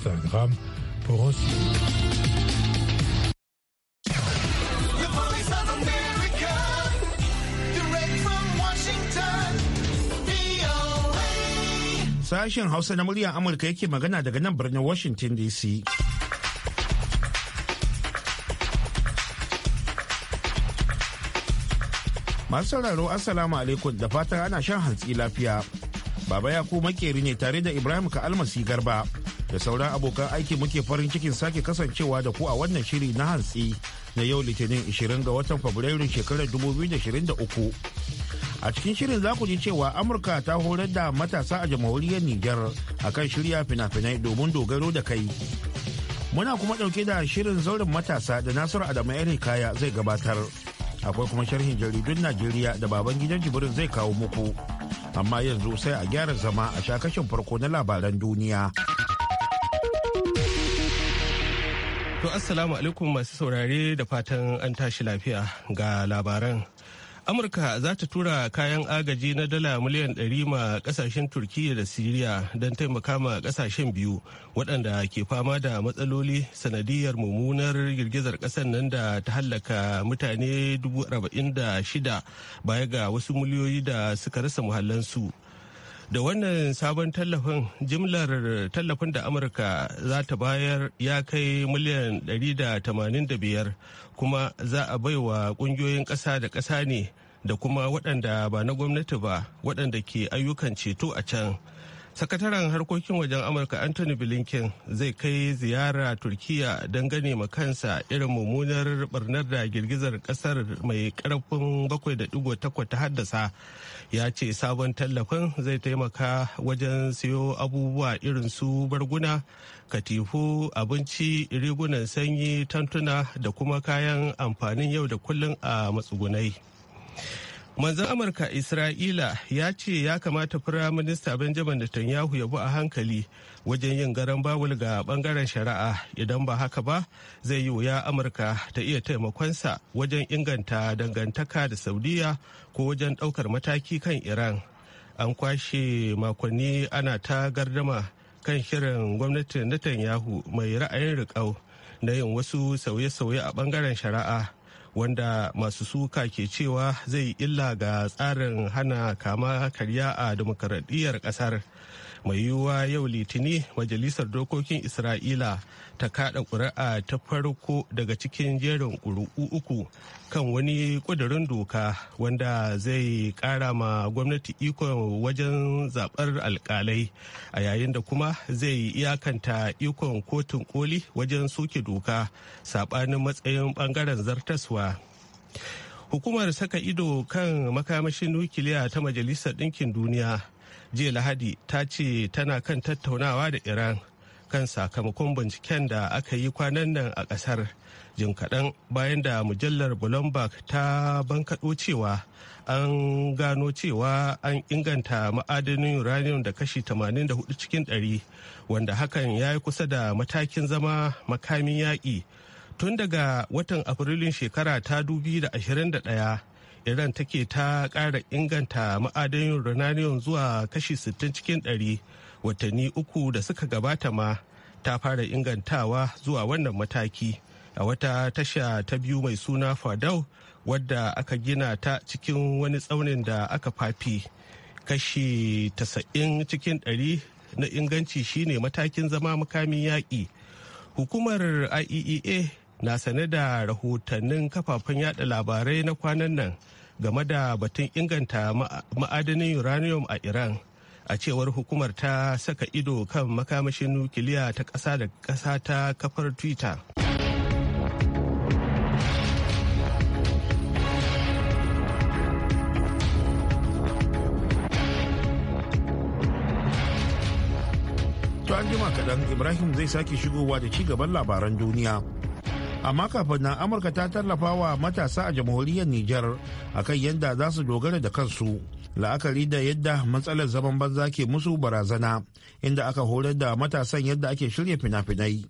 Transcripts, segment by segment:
Instagram pour un... Sashen Hausa na muryar Amurka yake magana daga nan birnin Washington DC. Masu sauraro Assalamu alaikum da fatan ana shan hantsi lafiya. Baba Yaku makeri ne tare da Ibrahim Ka'almasi Garba. da sauran abokan aiki muke farin cikin sake kasancewa da ku a wannan shiri na hantsi na yau litinin 20 ga watan fabrairu shekarar 2023 a cikin shirin za ku ji cewa amurka ta horar da matasa a jamhuriyar niger kan shirya fina-finai domin dogaro da kai muna kuma dauke da shirin zauren matasa da nasiru adamu kaya zai gabatar akwai kuma sharhin jaridun najeriya da baban gidan jibirin zai kawo muku amma yanzu sai a gyara zama a shakashin farko na labaran duniya. To Assalamu alaikum masu saurare da fatan an tashi lafiya ga labaran. Amurka za ta tura kayan agaji na dala miliyan ɗari ma kasashen Turkiyya da Siriya don taimaka ma kasashen biyu waɗanda ke fama da matsaloli sanadiyar mummunar girgizar ƙasar nan da ta hallaka mutane 46 baya ga wasu miliyoyi da suka rasa muhallansu. su. da wannan sabon tallafin jimlar tallafin da amurka za ta bayar ya kai miliyan 185 kuma za a baiwa kungiyoyin ƙasa da ƙasa ne da kuma waɗanda ba na gwamnati ba waɗanda ke ayyukan ceto a can sakataren harkokin wajen amurka anthony blinken zai kai ziyara turkiya don gane ma kansa irin mummunar barnar da girgizar kasar mai karfin 7.8 ta haddasa ya ce sabon tallafin zai taimaka wajen siyo abubuwa irin su barguna katifu abinci rigunan sanyi tantuna da kuma kayan amfanin yau da kullum a matsugunai manzan amurka isra'ila ya ce ya kamata firaminista benjamin netanyahu ya bu a hankali wajen yin garan bawul ga bangaren shari'a idan ba haka ba zai yi wuya amurka ta iya taimakonsa wajen inganta dangantaka da saudiya ko wajen daukar mataki kan iran an kwashe makonni ana ta gardama kan shirin gwamnatin netanyahu mai ra'ayin riƙau na yin wasu sauye-sauye a bangaren shari'a wanda masu suka ke cewa zai illa ga tsarin hana kama karya a demokaradiyyar ƙasar. mai yiwuwa yau litini majalisar dokokin isra'ila ta kada ƙuri'a ta farko daga cikin jerin ƙuri'u uku kan wani ƙudurin doka wanda zai ƙara ma gwamnati ikon wajen zaɓar alƙalai a yayin da kuma zai iyakanta ikon kotun koli wajen soke doka saɓanin matsayin ɓangaren zartaswa hukumar saka ido kan makamashin nukiliya ta majalisar ɗinkin duniya jiya lahadi ta ce tana kan tattaunawa da iran kan sakamakon binciken da aka yi kwanan nan a kasar jin kaɗan bayan da mujallar bloomberg ta bankaɗo cewa an gano cewa an inganta ma'adanin uranium da kashi 84 cikin 100 wanda hakan ya yi kusa da matakin zama makamin yaƙi tun daga watan afrilun shekara ta 2021 iran take ta ƙara inganta ma'adanin uranium zuwa kashi 60 cikin 100 watanni uku da suka gabata ma ta fara ingantawa zuwa wannan mataki a wata tasha ta biyu mai suna fadau wadda aka gina ta cikin wani tsaunin da aka fafi kashi 90 cikin 100 na inganci shine matakin zama makamin yaƙi hukumar IEA. E na sane da rahotannin kafafen yada labarai na kwanan nan game da batun inganta ma'adanin uranium a iran a cewar hukumar ta saka ido kan makamashin nukiliya ta ƙasa da ƙasa ta kafar twitter To an jima kaɗan Ibrahim zai sake shigowa da ci gaban labaran duniya. amma kafin nan amurka ta tallafa wa matasa a jamhuriyar niger akan yadda za su dogara da kansu la'akari da yadda matsalar zaman banza ke musu barazana inda aka horar da matasan yadda ake shirya fina-finai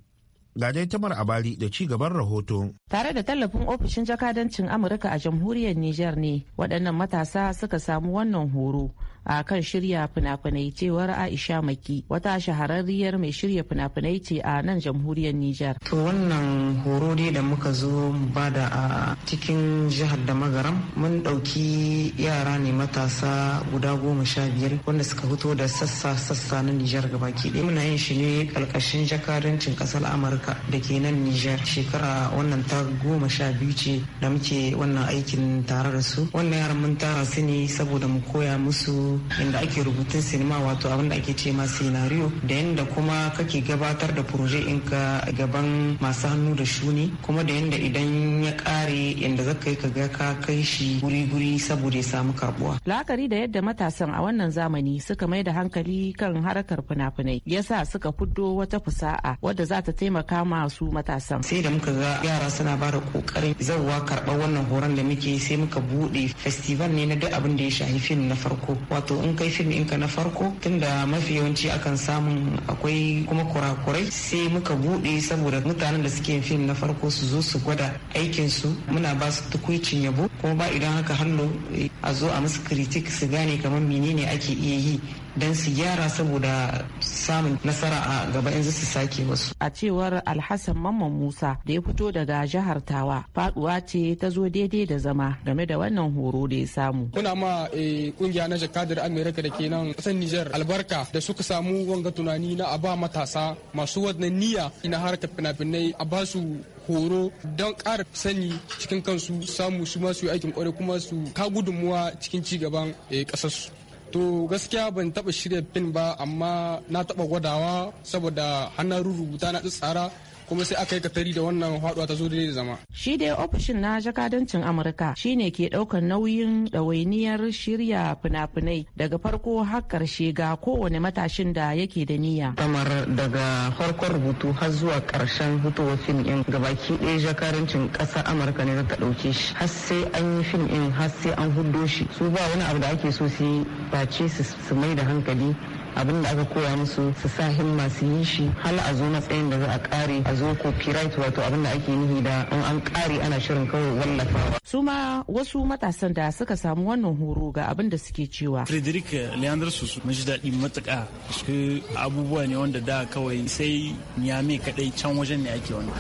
ga dai tamar bali da ci gaban rahoto. Tare da tallafin ofishin jakadancin Amurka a jamhuriyar Nijar ne waɗannan matasa suka samu wannan horo a kan shirya fina-finai cewar aisha maki wata shahararriyar mai shirya fina-finai ce a nan jamhuriyar nijar to wannan horo dai da muka zo ba da a cikin jihar da magaram mun ɗauki yara ne matasa guda goma sha biyar wanda suka fito da sassa-sassa na nijar baki ɗaya muna yin shi ne ƙarƙashin jakadancin ƙasar amurka da ke nan nijar shekara wannan ta goma sha biyu ce da muke wannan aikin tare da su wannan yaran mun tara su ne saboda mu koya musu inda ake rubutun sinima wato abin da ake ce ma scenario da yadda kuma kake gabatar da proje in ka gaban masu hannu da shuni kuma da yadda idan ya kare yadda zaka yi kaga ka kai shi guri-guri saboda ya samu karbuwa. La'akari da yadda matasan a wannan zamani suka mai da hankali kan harkar fina-finai yasa suka fuddo wata fusa'a wadda za ta taimaka masu matasan. Sai da muka ga yara suna ba da ƙoƙarin zauwa karɓar wannan horon da muke sai muka buɗe festival ne na duk abin da ya shafi fim na farko. wato in kai fim ɗinka na farko tunda mafi yawanci akan samun akwai kuma kurakurai sai muka buɗe saboda mutanen da suke fim na farko su zo su gwada aikinsu muna ba su tukuicin yabo kuma ba idan haka hallo eh, a zo a musu kritik su gane kamar menene ake iya yi dan su gyara saboda samun nasara a gaba yanzu su sake wasu. A cewar Alhassan Mamman Musa da ya fito daga jihar Tawa faduwa ce ta zo daidai da zama game da wannan horo da ya samu. Muna ma eh, kungiya na jakadar Amerika da ke nan ƙasar Nijar albarka da suka samu wanga tunani na a ba matasa masu wannan niyya na harkar fina-finai a ba su horo don ƙara sani cikin kansu samu su ma aikin kwarai kuma su ka gudunmuwa cikin cigaban eh, ƙasarsu. to gaskiya ban taba shirya fim ba amma na taba gwadawa saboda hannun rubuta na tsara kuma sai aka yi katari da wannan haɗuwa ta zo da zama. Shi dai ofishin na jakadancin Amurka shine ke ɗaukar nauyin ɗawainiyar shirya fina-finai daga farko har ƙarshe ga kowane matashin da yake da niyya. Kamar daga farkon rubutu har zuwa ƙarshen fitowar fim ɗin gabaki ɗaya jakadancin ƙasar Amurka ne zaka ɗauke shi har sai an yi fim ɗin har sai an hudo shi su ba wani abu da ake so su yi face su mai da hankali abin da aka koya musu su sa himma su yi shi hal a zo matsayin da za a kare a zo copyright wato abin da ake nihi da in an kare ana shirin kawai wallafawa. su ma wasu matasan da suka samu wannan horo ga abin da suke cewa. frederick leander su mun ji daɗi matuƙa su abubuwa ne wanda da kawai sai nyame kaɗai can wajen ne ake wani.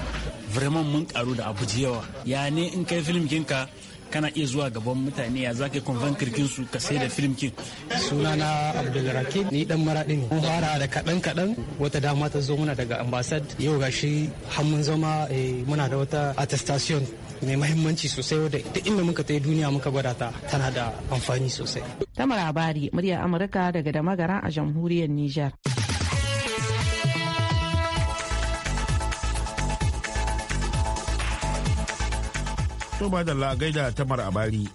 vraiment mun karu da abu jiyawa ya ne in kai filim kinka kana iya zuwa gaban mutane ya zaka konvan kirkin su ka sai da film suna sunana abdulrakim ni dan maradi ne mun fara da kaɗan kaɗan. wata dama ta zo muna daga ambassad yau gashi har mun zama eh, muna da wata attestation mai mahimmanci sosai wadda duk inda muka ta duniya muka gwada ta tana da amfani sosai. ta Abari, murya Amurka daga Damagara a jamhuriyar Nijar. To ba da gaida tamar a bari.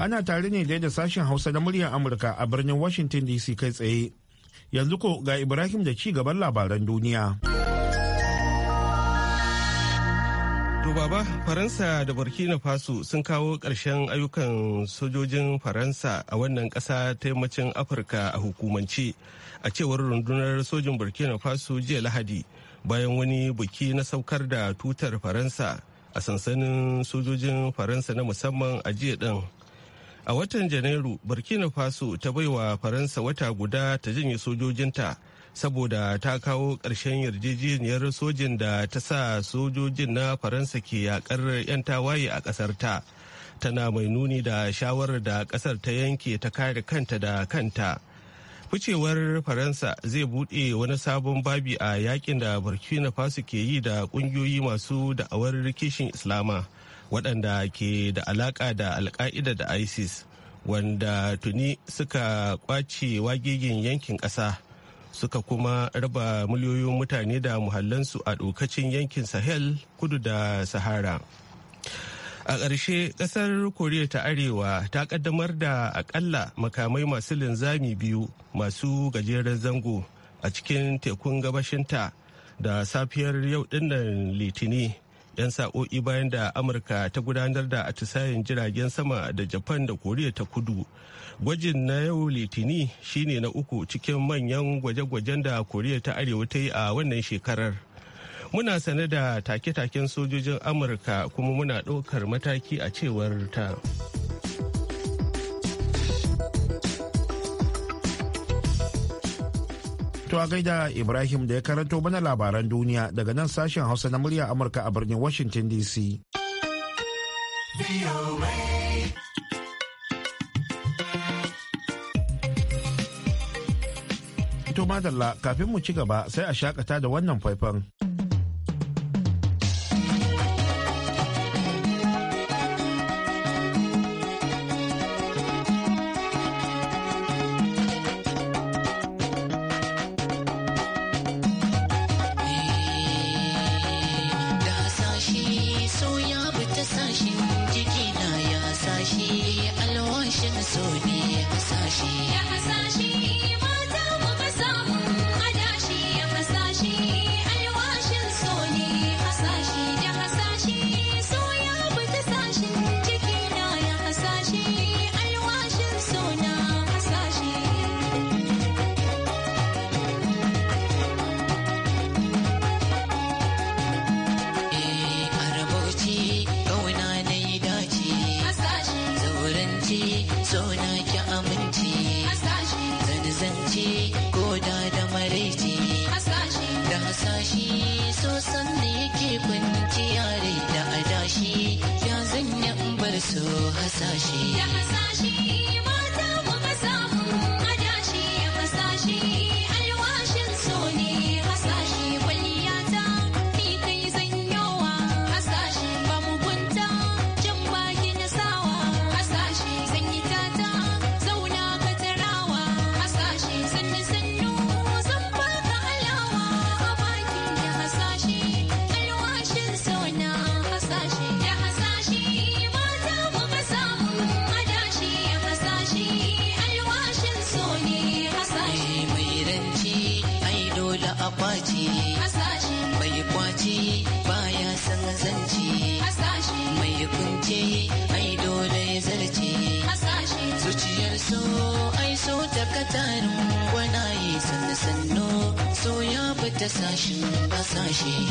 Ana tare ne da sashen Hausa na muryar Amurka a birnin Washington DC kai tsaye. Yanzu ko ga Ibrahim da ci gaban labaran duniya. To baba, Faransa da Burkina Faso sun kawo ƙarshen ayyukan sojojin Faransa a wannan ƙasa ta yammacin Afirka a hukumance, a cewar rundunar sojin Burkina Faso jiya Lahadi bayan wani buki na saukar da tutar Faransa a sansanin sojojin faransa na musamman a jiya din a watan janairu burkina faso ta baiwa faransa wata guda ta janye sojojinta saboda ta kawo ƙarshen yarjejeniyar sojin da ta sa sojojin na faransa ke yakar 'yan tawaye a ƙasar ta tana mai nuni da shawarar da ƙasar ta yanke ta kare kanta da kanta wucewar Faransa zai bude wani sabon babi a yakin da Burkina Faso ke yi da kungiyoyi masu da'awar kishin Islama waɗanda ke da alaƙa da alka'ida da ISIS wanda tuni suka kwace wagigin yankin ƙasa suka kuma raba miliyoyin mutane da muhallansu a ɗokacin yankin Sahel kudu da Sahara. a ƙarshe ƙasar koriya ta arewa ta ƙaddamar da akalla makamai masu linzami biyu masu gajeren zango a cikin tekun gabashinta da safiyar yau dinnan litini yan sa'o'i bayan da amurka ta gudanar da atisayen jiragen sama da japan da koriya ta kudu gwajin na yau litini shine na uku cikin manyan gwaje-gwajen da koriya ta arewa ta yi a wannan shekarar muna sane da take-taken sojojin amurka kuma muna ɗaukar mataki a cewar ta To a gaida Ibrahim da ya karanto mana labaran duniya daga nan sashen Hausa na murya Amurka a birnin Washington DC. To madalla kafin mu ci gaba sai a shakata da wannan faifan. san da yake kwanciya yare da adashi ya zanya in bar su hasashe. Da hasashe da wani gwanaye sannu sannu so ya fita sashin basashe.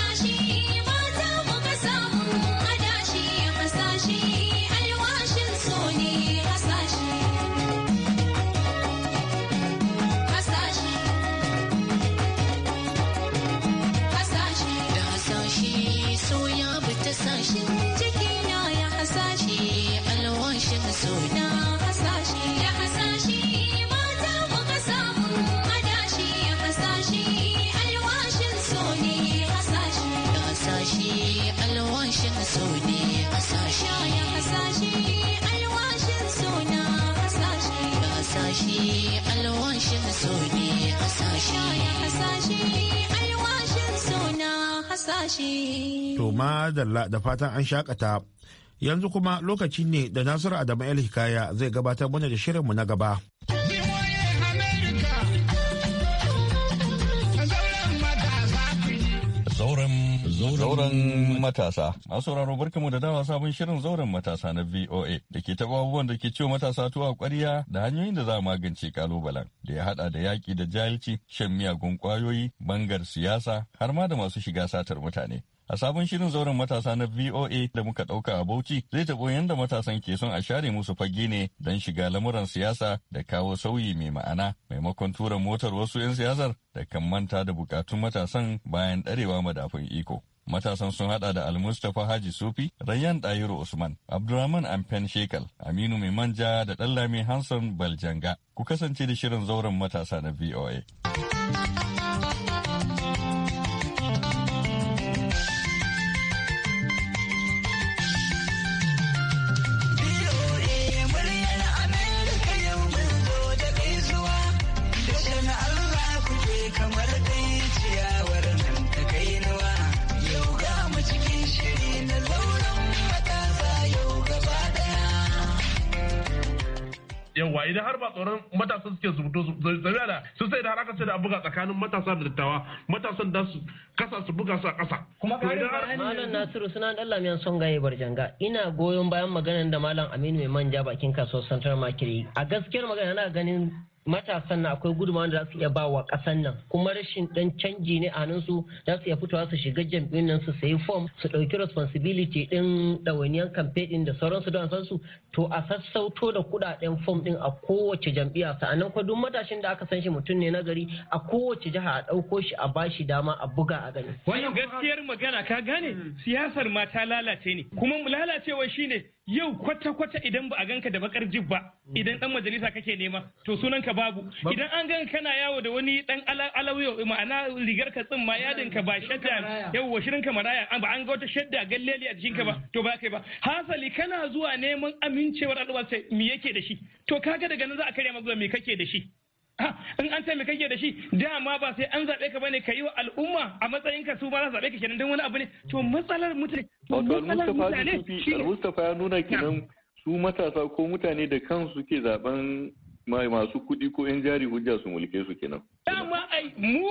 shi. To madalla da fatan an shakata. Yanzu kuma lokaci ne da Nasiru Adamu El Hikaya zai gabatar mana da shirinmu na gaba. Zauren matasa. sauraro Masauraro mu da dama sabon shirin zauren matasa na VOA da ke taba abubuwan da ke ciwo matasa tuwa kwariya da hanyoyin da za a magance kalubalen da ya haɗa da yaki da jahilci, shan miyagun kwayoyi bangar siyasa har ma da masu shiga satar mutane. A sabon shirin zauren matasa na VOA da muka ɗauka a Bauchi zai taɓo yadda matasan ke son a share musu fage ne don shiga lamuran siyasa da kawo sauyi mai ma'ana maimakon tura motar wasu 'yan siyasar da kan manta da bukatun matasan bayan ɗarewa madafun iko. Matasan sun hada da Almustapha Haji Sufi, Rayyan Dayiro Usman, Abdulrahman Amfen Shekal, Aminu Mai Manja da dallami Hanson Baljanga. Ku kasance da shirin zauren matasa na VOA. kamar yawa idan har ba tsoron matasa suke zubuto da sun sai da har aka ce da buga tsakanin matasa da dattawa matasan da su kasa su buga su a kasa kuma malam nasiru suna dan lamiyan son gaye barjanga ina goyon bayan maganar da malam aminu mai manja bakin kasuwar central makiri a gaskiyar magana na ganin matasan na akwai gudunmawa da za su iya ba wa ƙasan nan kuma rashin dan canji ne a su za su iya fitowa su shiga jam'iyyun nan su sayi form su ɗauki responsibility din ɗawainiyar campaign din da sauransu don san su to a sassauto da kuɗaɗen form ɗin a kowace jam'iyya sa'annan kuma duk matashin da aka san shi mutum ne na gari a kowace jiha a ɗauko shi a bashi dama a buga a gani. Wannan gaskiyar magana ka gane hmm. siyasar ma lalace ne kuma lalacewar shine yau kwata-kwata idan ba a ganka da bakar jib ba mm. idan dan majalisa kake nema to sunan ka babu idan an ganka kana yawo da wani dan alawiyo ma'ana rigar ka tsin ma yadin ka ba shadda yau washirin ka maraya ba an ga wata shadda galleli a jikin ka ba mm. to ba kai ba hasali kana zuwa neman amincewar al'umma sai me yake da shi to kaga daga nan za a karya maka me kake da shi in an ce me da shi dama ba sai an zaɓe ka bane ka yi wa al'umma a matsayin ka su ma za zaɓe ka kenan don wani abu ne to matsalar mutane Mustapha ya nuna kenan su matasa ko mutane da kansu ke zaben masu kuɗi ko 'yan jari hujja su mulke su kenan. Dama ai mu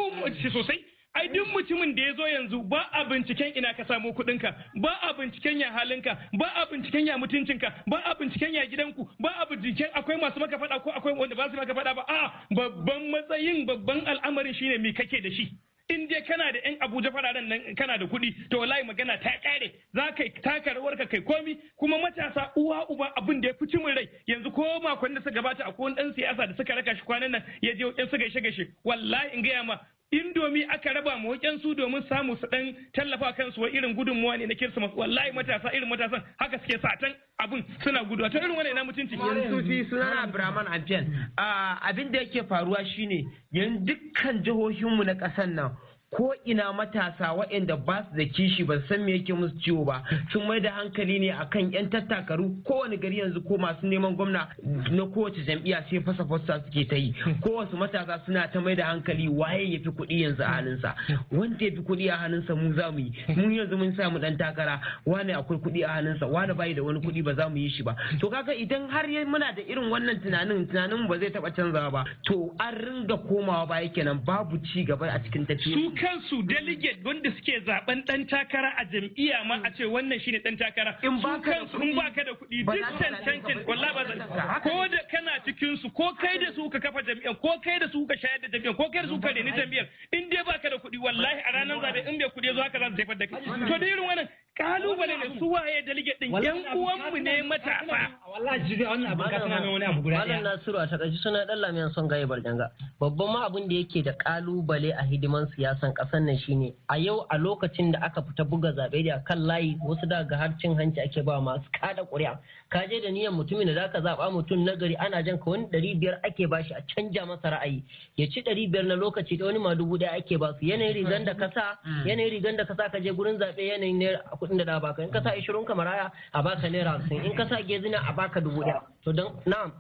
sosai ai duk mutumin da ya zo yanzu ba a binciken ina ka samu kuɗinka ba a binciken ya halinka ba a binciken ya mutuncinka ba a binciken ya gidanku ba a binciken akwai masu maka faɗa ko akwai wanda ba su maka faɗa ba a babban matsayin babban al'amarin shine me kake da shi in dai kana da yan abuja fararen nan kana da kuɗi to wallahi magana ta kare za ka taka rawarka kai komi kuma matasa uwa uba abin da ya fi min rai yanzu ko makon da suka gabata akwai wani ɗan siyasa da suka raka shi kwanan nan ya je yan su gaishe gaishe wallahi in gaya ma indomi aka raba mu su domin samu su dan tallafa kansu wa irin gudunmuwa ne na kirsimas wallahi matasa irin matasan haka suke satan abin suna guduwa to irin wannan na mutunci yanzu fi suna Abraman Abjan ah, abin da yake faruwa shine yanzu dukkan jihohin mu na kasan nan ko ina matasa waɗanda ba su da kishi ba san me yake musu ciwo ba sun mai da hankali ne akan yan tattakaru kowane gari yanzu ko masu neman gwamna na kowace jam'iyya sai fasa fasa suke ta yi Ko wasu matasa suna ta mai da hankali waye ya fi kuɗi yanzu a hannunsa wanda ya fi kuɗi a hannunsa mu za mu yi mun yanzu mun samu dan takara wani akwai kuɗi a hannunsa wani bai da wani kuɗi ba za mu yi shi ba to kaga idan har muna da irin wannan tunanin tunanin ba zai taɓa canzawa ba to an ringa komawa baya kenan babu ci gaba a cikin tafiyar kansu delegate wanda suke zaben dan takara a jam'iyya ma a ce wannan shine dan takara in ba ka da kuɗi distant tankin wallahi ba ko da kana cikin su ko kai da su ka kafa jam'iyyar ko kai da su ka shayar da jam'iyyar ko kai da su ka reni jam'iyyar in dai ba ka da kuɗi wallahi a ranar zabe in bai kuɗi zo haka za su jefar da kai to da irin wannan kalubale da su waye delegate din yan uwanmu ne matafa wallahi jibi wannan abin ka tana mai wani abu guda daya Nasiru a takaice suna dan lamiyan son gaye barjanga babban ma abin da yake da kalubale a hidiman siyasan kasar nan shine a yau a lokacin da aka fita buga zabe da kan layi wasu daga har cin hanci ake ba masu kada ƙuri'a ka je da niyyar mutumin da zaka zaba mutum na gari ana jan ka wani ɗari biyar ake bashi a canja masa ra'ayi ya ci ɗari biyar na lokaci da wani ma dubu ɗaya ake ba su yanayin rigan da ka sa mm. yanayin rigan da ka sa ka je gurin zabe yanayin ne kuɗin da za baka in ka sa ishirin kamar maraya a baka naira hamsin in ka sa gezina a baka dubu daya to don na'am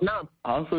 na'am an so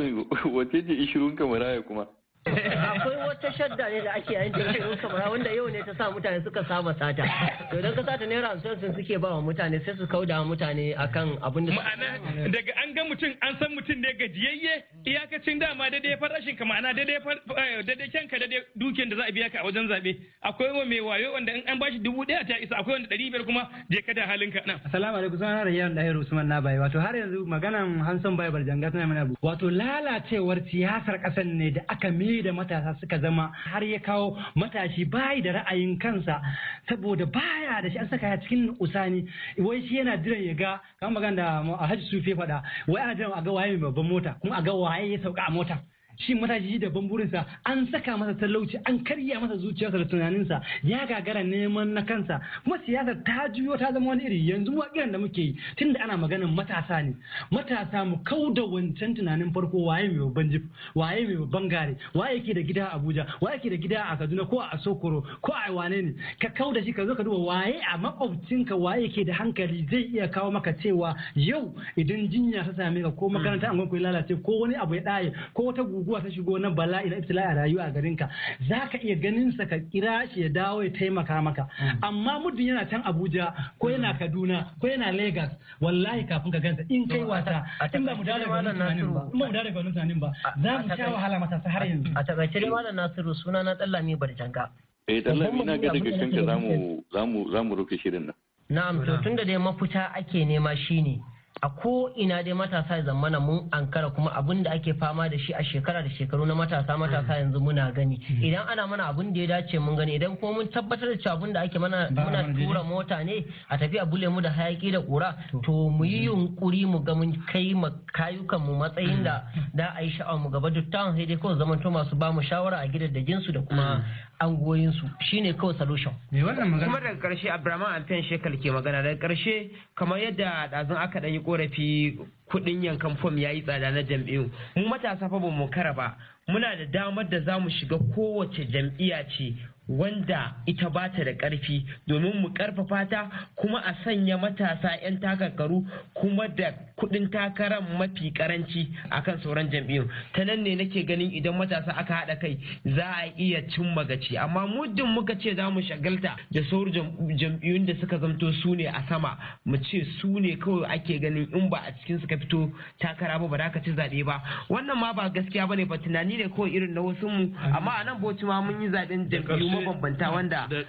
wace ce ishirin kamar maraya kuma akwai wata shadda ne da ake yayin da shirin kamara wanda yau ne ta sa mutane suka saba sata to idan ka sata naira hamsin sun suke ba wa mutane sai su kauda wa mutane akan abin da ma'ana daga an ga mutum an san mutum ne gajiyayye iyakacin dama daidai farashin ka ma'ana daidai kyanka eh, daidai dukiyar da za a biya ka a wajen zabe akwai wa mai wayo wanda in an bashi dubu daya ta isa akwai wanda ɗari biyar kuma je ka da halinka na assalamu alaikum sunan rayyan dahir usman na bai wato har yanzu maganan hanson bai barjanga tana mana wato lalacewar siyasar kasan ne da aka mi fili da matasa suka zama har ya kawo matashi bayi da ra'ayin kansa saboda baya da shi an saka cikin usani wai shi yana jiran ya ga kamar magana da Alhaji Sufi faɗa wai ana jiran a ga waye mai babban mota kuma a ga waye ya sauka a mota shi matashi da burinsa an saka masa talauci an karya masa zuciyarsa da tunaninsa ya gagara neman na kansa kuma siyasar ta juyo ta zama wani iri yanzu wakilan da muke yi tunda ana maganin matasa ne matasa mu kau da wancan tunanin farko waye mai babban jif waye mai babban gare waye ke da gida a Abuja waye ke da gida a Kaduna ko a Sokoro ko a wane ne ka kau da shi ka zo ka duba waye a makwabcinka waye ke da hankali zai iya kawo maka cewa yau idan jinya ta same ka ko makaranta an ya lalace ko wani abu ya daye ko wata abubuwa ta shigo na bala'i na ibtila a rayuwa a garin ka za ka iya ganin sa ka kira shi ya dawo ya taimaka maka hmm. amma muddin yana can Abuja ko yana hmm. Kaduna ko yana Lagos wallahi kafin ka gansa in kai wasa in ba mu dawo daga wannan tunanin ba in ba mu dawo daga wannan tunanin ba za mu sha wahala matasa har yanzu a takaice dai wannan Nasiru suna na Dallami Barjanga eh Dallami na ga daga kanka zamu zamu zamu roke shirin nan na'am to tunda dai mafuta ake nema shine a ko ina dai matasa ya zamana mun ankara kuma abin da ake fama da shi a shekara da shekaru na matasa matasa mm. yanzu muna gani mm. idan ana mana abin da ya dace mun gani idan kuma mun tabbatar da cewa abin da ake mana muna tura mota ne a tafi a bule mu da hayaki da kura to mu yi mm. yunkuri mu ga mun kai kayukan mu matsayin da da a yi sha'awar mu gaba dukkan sai dai kawai zamanto masu ba mu shawara a gidajen su da kuma su shine kawai solution. Me wannan magana? Kuma daga karshe an Alfiyan Shekal ke magana daga karshe kamar yadda ɗazun aka ɗan korafi kudin yankan fom ya yi tsada na jam'iyyu mu matasa fa mu kara ba muna da damar da za mu shiga kowace jam'iyya ce wanda ita ba ta da ƙarfi domin mu ƙarfafa ta kuma a sanya matasa 'yan takarkaru kuma da kuɗin takarar mafi karanci akan sauran jam'iyyun ta nan ne nake ganin idan matasa aka haɗa kai za a iya cin magaci amma muddin muka ce za mu shagalta da sauran jam'iyyun da suka zamto su ne a sama mu ce su ne kawai ake ganin in ba a cikin suka fito takara ba ba za ka ci zaɓe ba wannan ma ba gaskiya ba ne ba tunani ne kawai irin na wasu mu amma a nan bauchi ma mun yi zaɓen jam'iyyu mabambanta wanda da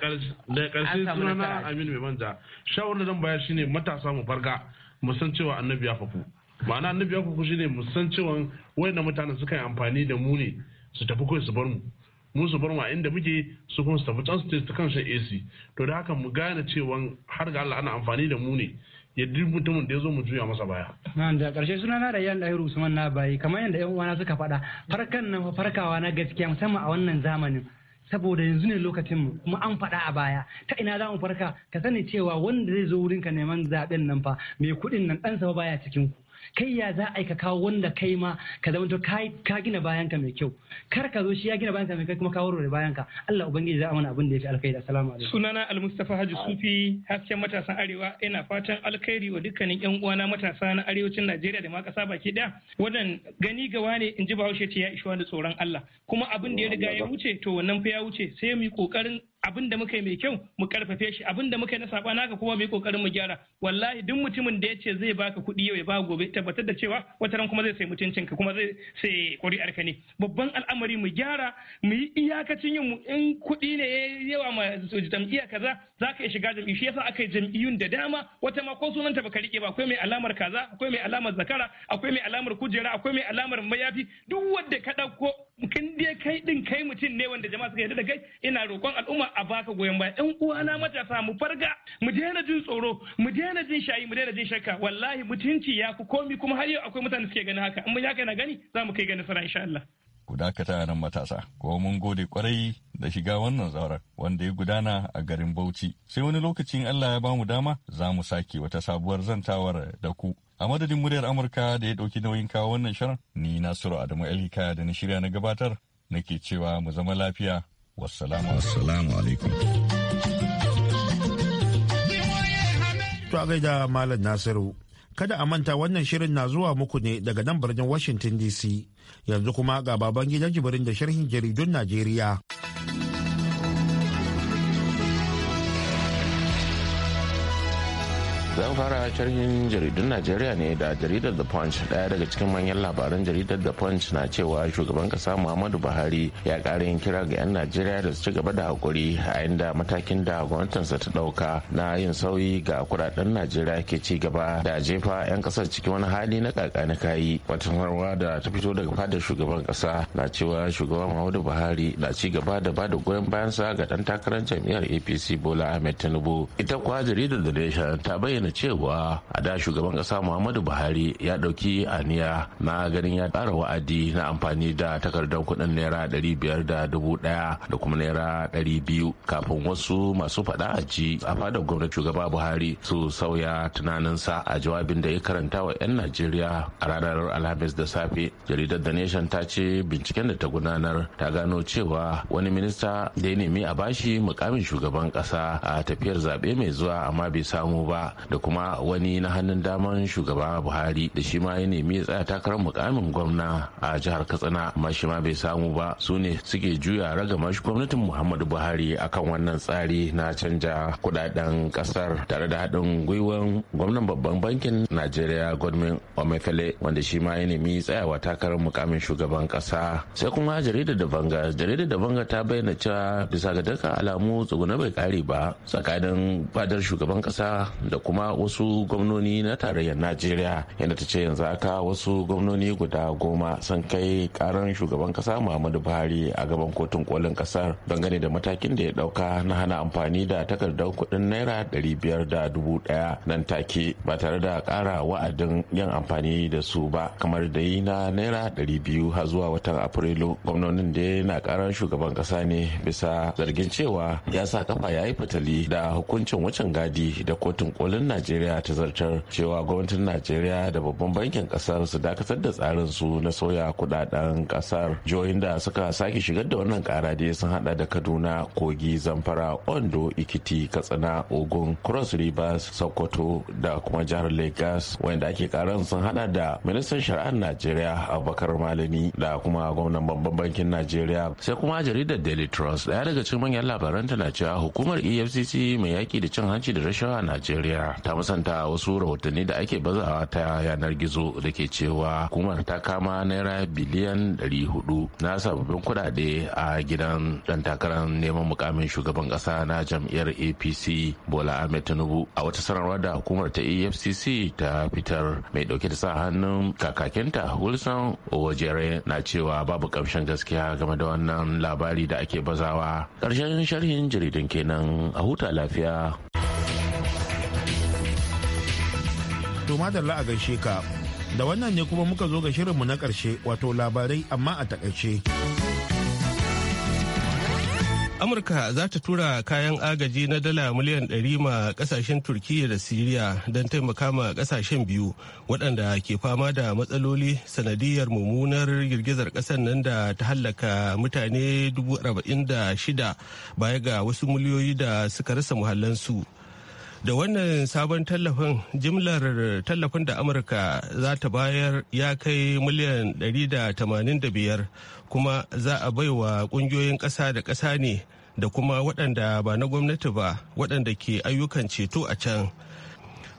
karshe sunana aminu mai manja shawar da bayar shine matasa mu farga mu san cewa annabi ya fafu ma'ana annabi ya fafu shine mu san cewa wayannan mutanen suka yi amfani da mu ne su tafi kai su bar mu mu su bar mu a inda muke su kuma su tafi can su ce su kansa AC to da haka mu gane cewa har ga Allah ana amfani da mu ne ya duk mutumin da ya zo mu juya masa baya. Na'am da karshe suna na Rayyan Dahiru Usman na bayi kamar yadda yan uwana suka faɗa farkan nan farkawa na gaskiya musamman a wannan zamanin saboda yanzu ne lokacin mu kuma an faɗa a baya ta ina za mu farka ka sani cewa wanda zai zo wurinka neman zaɓen nan fa mai kuɗin nan ɗansa baya cikin ku kai ya za a yi ka kawo wanda kai ma ka zama to ka gina bayan ka mai kyau kar ka zo shi ya gina bayan ka mai kyau kuma ka warware bayan ka. Allah ubangiji za a mana abin da ya fi alkhairi assalamu alaikum sunana almustafa haji sufi hasken matasan arewa ina fatan alkhairi wa dukkanin yan uwana matasa na arewacin Najeriya da ma kasa baki daya wannan gani gawa ne in ji Bahaushe ce ya ishe wani tsoron Allah kuma abin da ya riga ya wuce to wannan fa ya wuce sai mu yi kokarin abin da muka yi mai kyau mu karfafe shi abin da muka yi na saba naka kuma mai kokarin mu gyara wallahi duk mutumin da ya ce zai baka kuɗi yau ya ba gobe tabbatar da cewa wata ran kuma zai sai mutuncin ka kuma zai sai ƙuri'ar ka ne babban al'amari mu gyara mu yi iyakacin yin mu in kuɗi ne yawa ma jam'iyya kaza za ka iya shiga jam'i shi yasa aka yi jam'iyyun da dama wata ma ko sunanta baka rike ba akwai mai alamar kaza akwai mai alamar zakara akwai mai alamar kujera akwai mai alamar mayafi duk wanda ka ɗauko kin dai kai din kai mutum ne wanda jama'a suka yarda da kai ina roƙon al'umma a baka goyon baya ɗan uwana matasa mu farga mu daina jin tsoro mu daina jin shayi mu daina jin shakka wallahi mutunci ya ku komi kuma har yau akwai mutane suke gani haka in mun haka na gani za mu kai ga nasara insha Allah. Ku dakata nan matasa kuma mun gode kwarai da shiga wannan zauren wanda ya gudana a garin Bauchi sai wani lokacin Allah ya bamu dama za mu sake wata sabuwar zantawar da ku. A madadin muryar Amurka da ya dauki nauyin kawo wannan shirin, ni Nasiru Adamu Elika da na shirya na gabatar, nake cewa mu zama lafiya wassalamu alaikum to a gaida malam nasiru kada a manta wannan shirin na zuwa muku ne daga nan birnin washington dc yanzu kuma ga baban gidan jibirin da sharhin jaridun najeriya zan fara sharhin jaridun najeriya ne da jaridar the punch daya daga cikin manyan labaran jaridar the punch na cewa shugaban kasa muhammadu buhari ya kara yin kira ga 'yan najeriya da su ci gaba da hakuri a inda matakin da gwamnatinsa ta ɗauka na yin sauyi ga kudaden najeriya ke ci gaba da jefa 'yan kasar cikin wani hali na kakani kayi wata harwa da ta fito daga fadar shugaban kasa na cewa shugaban muhammadu buhari na ci gaba da ba da goyon bayansa ga dan takarar jam'iyyar apc bola ahmed tinubu ita kuwa jaridar the nation ta bayyana bayyana cewa a da shugaban kasa Muhammadu Buhari ya ɗauki aniya na ganin ya ƙara wa'adi na amfani da takardar kuɗin naira ɗari biyar da dubu ɗaya da kuma naira ɗari biyu kafin wasu masu faɗa a ji a fadar gwamnati shugaba Buhari su sauya tunaninsa a jawabin da ya karanta wa 'yan Najeriya a ranar Alhamis da safe. Jaridar The Nation ta ce binciken da ta gudanar ta gano cewa wani minista da ya nemi a bashi mukamin shugaban ƙasa a tafiyar zaɓe mai zuwa amma bai samu ba da kuma wani na hannun daman shugaba buhari da shi ma ya nemi tsaya takarar mukamin gwamna a jihar katsina amma shi ma bai samu ba su ne suke juya ragama shi gwamnatin muhammadu buhari akan wannan tsari na canja kudaden kasar tare da haɗin gwiwan gwamnan babban bankin najeriya godwin omefele wanda shi ma ya nemi tsayawa takarar mukamin shugaban kasa sai kuma jaridar da banga jaridar da banga ta bayyana cewa bisa ga dukkan alamu tsuguna bai kare ba tsakanin fadar shugaban kasa da kuma kuma wasu gwamnoni na tarayyar najeriya yadda ta ce yanzu aka wasu gwamnoni guda goma sun kai karan shugaban kasa muhammadu buhari a gaban kotun kolin kasar dangane da matakin da ya dauka na hana amfani da takardar kudin naira ɗari biyar da dubu ɗaya nan take ba tare da ƙara wa'adin yin amfani da su ba kamar da yi na naira dari biyu har zuwa watan afrilu gwamnonin da na karan shugaban kasa ne bisa zargin cewa ya sa kafa ya yi fitali da hukuncin wucin gadi da kotun kolin najeriya ta zartar cewa gwamnatin najeriya da babban bankin kasar su dakatar da tsarin su na sauya kudaden kasar jihohin da suka sake shigar da wannan kara da sun hada da kaduna kogi zamfara ondo ikiti katsina ogun cross rivers sokoto da kuma jihar lagos wanda ake karan sun hada da ministan shari'ar najeriya abubakar malami da kuma gwamnan babban bankin najeriya sai kuma jaridar daily trust daya daga cikin manyan labaran na cewa hukumar efcc mai yaki da cin hanci da rashawa a najeriya ta musanta wasu rahotanni da ake bazawa ta yanar gizo da ke cewa hukumar ta kama naira biliyan 400 na sababbin kudade a gidan dan takarar neman mukamin shugaban kasa na jam'iyyar apc bola ahmed tinubu a wata sanarwar da hukumar ta efcc ta fitar mai dauke da sa hannun kakakinta wilson owojere na cewa babu kamshin gaskiya game da wannan labari da ake bazawa ƙarshen sharhin jaridun kenan a huta lafiya To madalla a gaishe ka. Da wannan ne kuma muka zo ga shirinmu na ƙarshe wato labarai amma a takaice. Amurka za ta tura kayan agaji na dala miliyan 100 ma kasashen Turkiyya da Siriya don taimaka ma kasashen biyu waɗanda ke fama da matsaloli sanadiyar mummunar girgizar ƙasar nan da ta hallaka mutane 46 baya ga wasu miliyoyi da suka rasa muhallansu. su. da wannan sabon tallafin jimlar tallafin da amurka za ta bayar ya kai miliyan 185 kuma za a bai wa kungiyoyin ƙasa da ƙasa ne da kuma waɗanda ba na gwamnati ba waɗanda ke ayyukan ceto a can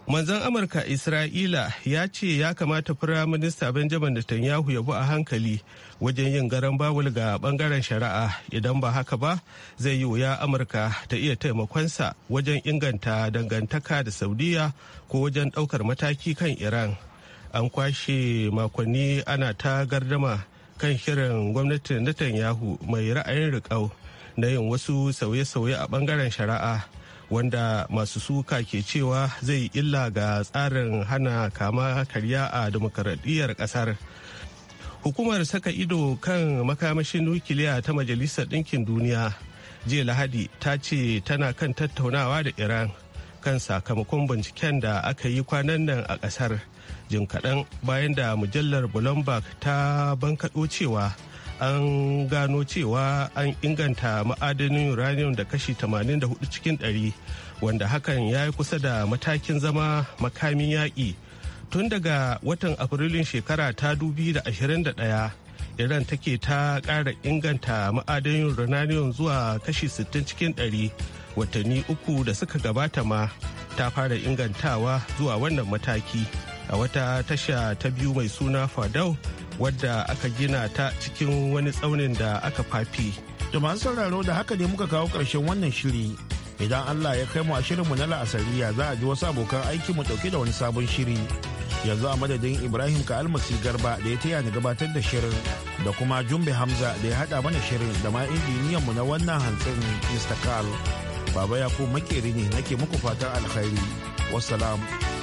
manzan amurka isra'ila ya ce ya kamata firaminista benjamin netanyahu ya bi a hankali wajen yin garan bawul ga bangaren shari'a idan ba haka ba zai yi wuya amurka ta iya taimakonsa wajen inganta dangantaka da saudiya ko wajen daukar mataki kan iran an kwashe makonni ana ta gardama kan shirin gwamnatin netanyahu mai ra'ayin riƙau na yin wasu sauye-sauye a bangaren shari'a wanda masu suka ke cewa zai illa ga tsarin hana kama karya a demokaradiyyar kasar hukumar saka ido kan makamashin nukiliya ta majalisar ɗinkin duniya jiya lahadi ta ce tana kan tattaunawa da iran kan sakamakon binciken da aka yi kwanan nan a kasar jin kaɗan bayan da mujallar bloomberg ta bankaɗo cewa an gano cewa an inganta ma'adanin uranium da kashi 84 cikin 100 wanda hakan ya yi kusa da matakin zama makamin yaƙi tun daga watan afrilun shekara ta 2021 iran take ta ƙara inganta ma'adanin uranium zuwa kashi 60 cikin 100 watanni uku da suka gabata ma ta fara ingantawa zuwa wannan mataki a wata tasha ta biyu mai suna fadau wadda aka gina ta cikin wani tsaunin da aka fafi. Da masu sauraro da haka ne muka kawo ƙarshen wannan shiri. Idan Allah ya kai mu a shirinmu na la'asariya za a ji wasu abokan aiki mu ɗauke da wani sabon shiri. Yanzu a madadin Ibrahim ka almasi garba da ya taya ni gabatar da shirin da kuma Jumbe Hamza da ya haɗa mana shirin da ma injiniyanmu na wannan hantsin Mr. Carl. Baba ya ku makeri ne nake muku fatan alkhairi. Wassalam.